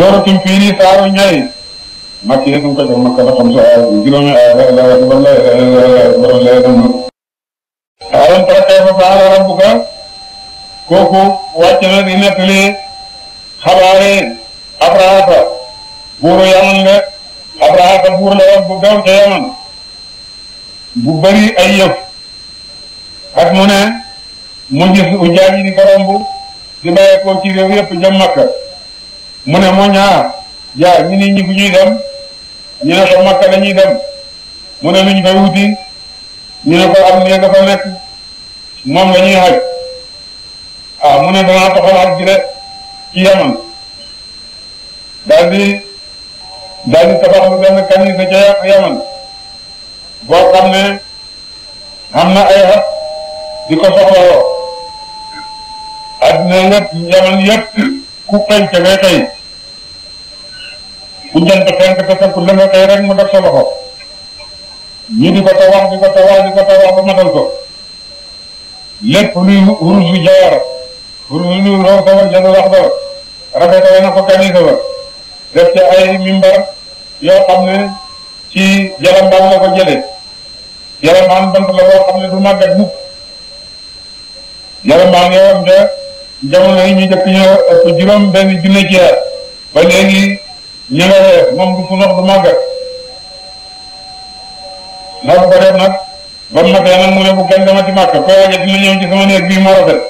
ولكن فيني صاروا نجاي ما كيف كنت ما كان خمسة كيلو من لا لا لا لا لا ألم ترى كيف فعل ربك كوكو واتنا دينا كلي خبارين أبراهة بورو يمن أبراهة بورو لهم بقاو جيمن ببري أيف أتمنى مجلس أجابي دي كرامبو دي بايكو كيلو يبقى جمكة mune ne moo ñaar jaar ñu ne ñi fu ñuy dem ñu ne ko Makka lañuy dem mu ne lu ñu fay wuti ñu ne ko am li nga fa nekk moom la ñuy xaj ah mu ne danaa toxal xaj ji de ci Yaman daal di daal di tabax lu benn kanisa Yaman boo xam ne am na ay di ko soxlawoo addina yëpp Yaman yëpp ku fenk ngay xëy ku jant fenk te fekk la nga xëy rek mu def sa loxo ñi di ko tawax di ko tawax di ko tawax ba matal ko lépp luy wurus yu jaar wurus yu roor sa war jënd wax ba rafetale na ko kanisa ba def ci ay mimbar yoo xam ne ci jalambaan la ko jële jalambaan bant la boo xam ne du màggat mukk jalambaan yoo xam ne jamono yi ñu njëkk ñoo ëpp juróom benn junne ci at ba léegi ñu nga reer moom du fu du màggat ndax bu ko def nag ba mu matee nag mu bu kenn demati màkk koy waje dina ñëw ci sama néeg bii moo rafet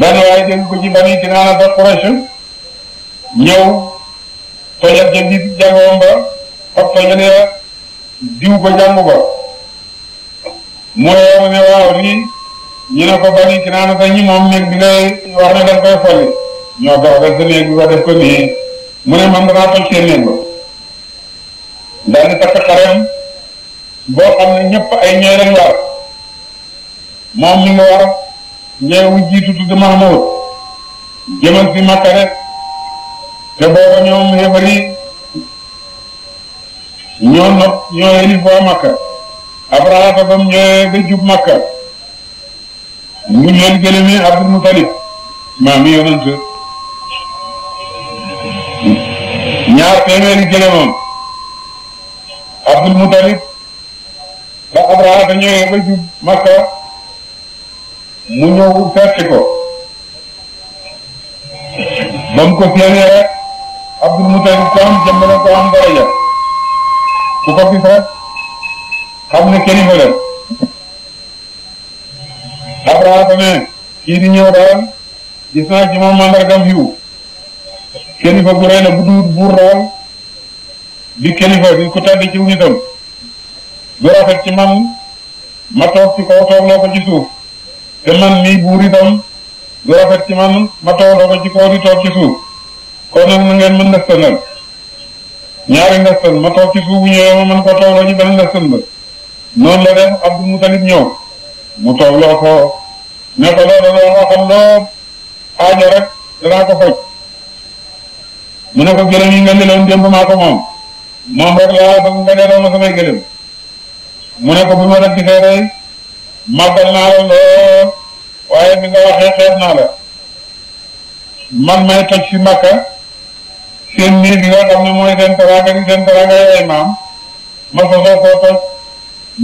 benn waaye dégg ko ci bani Kinaana sax Quraysh ñëw tojat ja di jàngoom ba fab ba mu ne waaw lii ñu ne ko bani Kinaana sax ñi moom néeg bi ngay wax ne dañ koy folli ñoo dox rek sa néeg bi ba def ko néeg boo xam ne ñëpp ay ñooy lañ war moom mi nga war ñooy wu jiitu tudd Mahmoud jëmal si Makka rek te booba ñoom xéefar yi ñoo nopp ñoo yëlif waa Makka Abraha ba mu ñëwee ba jub Makka mu ngi leen jëlee Abdul Mutalib maam yonent ñaar téeméeri jëlee moom Abdul Mutalib ba Abraha ñëwee ba jub Makka mu ñëw fekk ko ba mu ko séenee rek Abdul Mutalib ko am jëmm na ko am daraja ku ko gis rek xam ne kilifa la Abraha ne kii i ñëw daal gis naa ci moom mandargam yiw kilifa gu rëy la bu duut buur la bi di kilifa di ku tedd ci nitam du rafet ci man ma toog ci kaw toog loo ko ci suuf man mii ko ci kaw na mën ndëstanal ñaari ndëstan ma toog ci suuf bu ñëwee ma mën ko toog loo ci benn ndëstan ba noonu la def Abdou Moutalib ñëw mu tolloo ko ne ko loolu loolu moo aajo rek danaa ko faj mu ne ko gëlëm yi nga jëloon maa ko moom moom rek laa bëgg nga delloo ma samay gëlëm mu ne ko bu ma def ci fee rey màggal naa lool waaye bi nga waxee xeeb naa la man may toj fi Makka seen nii bi nga xam ne mooy seen teraanga di seen teraanga maam ma sosoo koo toj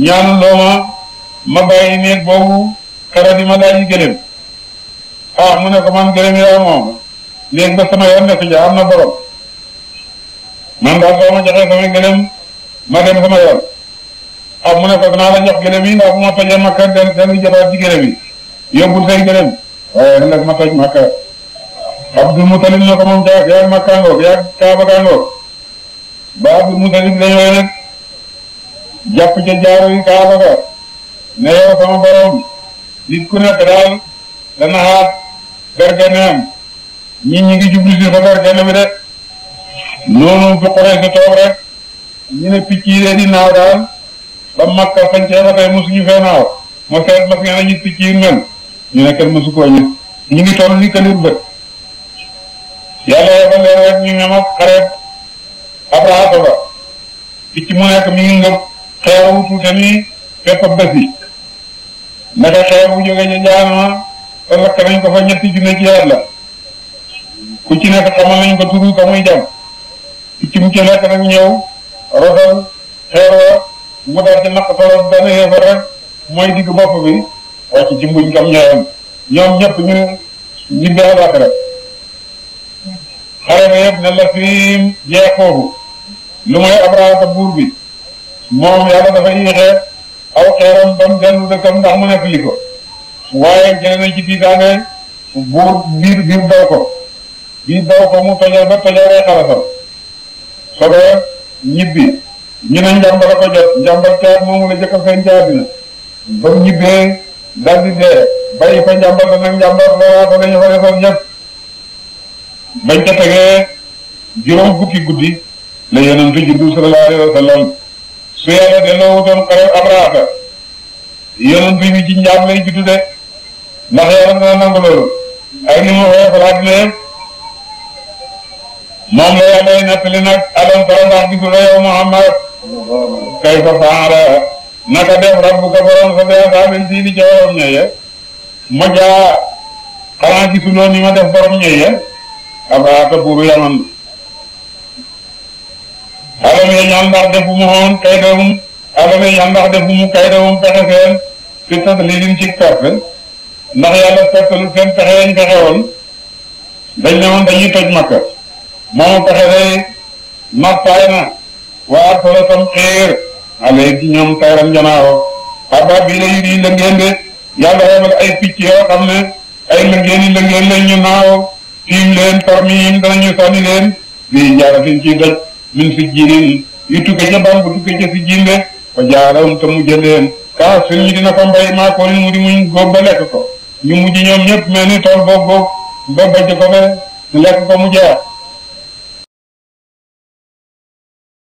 ñaanu looma ma bàyyi néeg boobu xara di ma daaji gëléem ah mu ne ko man gëléem yaa moom léegi ba sama yoon nekk ja am na borom man daal soo ma joxee sama gëléem ma dem sama yoon ah mu ne ko naa la jox gëléem yi ndax bu ma tojee makka den den jotaat ci gëléem yi yóbbul say gëléem waaye nag ma toj makka Abdul Mutalib ne ko moom jaag yaag makka ngoog yaag kaaba ngoog ba Abdul Mutalib dañoo nag jàpp ca jaaru yi kaaba ga ne yow sama borom nit ku nekk daal dana xaat bergeneem ñi ñi ngi jublu si sa bergene bi de noonu bu xoree si toog rek ñu ne picc yi de di naaw daal ba Makka fañ cee ba tey mosuñu fee naaw ma seet ma fi ñu picc yi mel ñu ne kenn mosu koo ñu ñu ngi toll ni kanir bët yàlla yebal leen rek ñu ne ma xareet Abraha picc mu nekk mi ngi ngëb xeeru tuuti nii fépp a bés naka xew bu jógee ca jaama lakk nañ ko fa ñetti junne ci yàlla ku ci nekk xamal nañ ko turu ka muy jam ci mu ci nekk nag ñëw rosal xeeroo mu daal ci naq solo benn mooy digg bopp bi wàcc ci mbuñ kam ñooyam ñoom ñëpp ñu ñibbe alax rek xare ba yëpp ne fi jeex foofu lu mooy Abraha buur bi moom yàlla dafa yéexee aw xeeram ba mu dellu dëkkam ndax mu nekk li ko waaye jële na ci tiitaange buur biir biir daw ko biir daw ko mu tojal ba tojal ay xalatam sogo ñibbi ñu ne njàmbar a ko jot njàmbar caat moomu la jëkk a feeñ ci àddina ba mu ñibbee daldi dee bàyyi fa njàmbar da nag njàmbar loola da nañu fa defoon ñëpp bañ ca tegee juróom fukki guddi la yonent juddu sallallahu alayhi wa sallam su yàlla delloo wutoon xare Abraha yonent bi mi ci njaam lay juddu de ndax yàlla dana nangu loolu ak ni mu xoofal àddina moom la yàllay nettali nag alam tara ndax gisuloo yow Muhammad kayfa faala naka def rabbuka borom sa bee saabil sii di ca borom ñëye ma jaa xanaa gisuloo ni ma def borom ñëye Abraha buuru Yaman alame ñambar defumoon kaydawum alame ñambar defumu kaydawum pexe seen fi tadlilin ci perte ndax yàlla pertalu seen pexe yañ pexe woon dañ ne woon dañuy toj makka moomu pexe day mappaay na waa arsala tam xéer ale ci ñoom tayram janaaro abba bii la yu di lëngeen de yàlla yebal ay picc yoo xam ne ay lëngeen yi lëngeen ñu naaw tiim leen parmi yim danañu sànni leen lii njaara fiñ ciy doj min si jiinin yu tukka ca bam bu tukka ca si jiinde fa a te kaa sun ñi dina fa maa ko mu di muñ góob ba lekk ko ñu mujj ñoom ñëpp mel ni tool boobu boobu ba bajj ko mu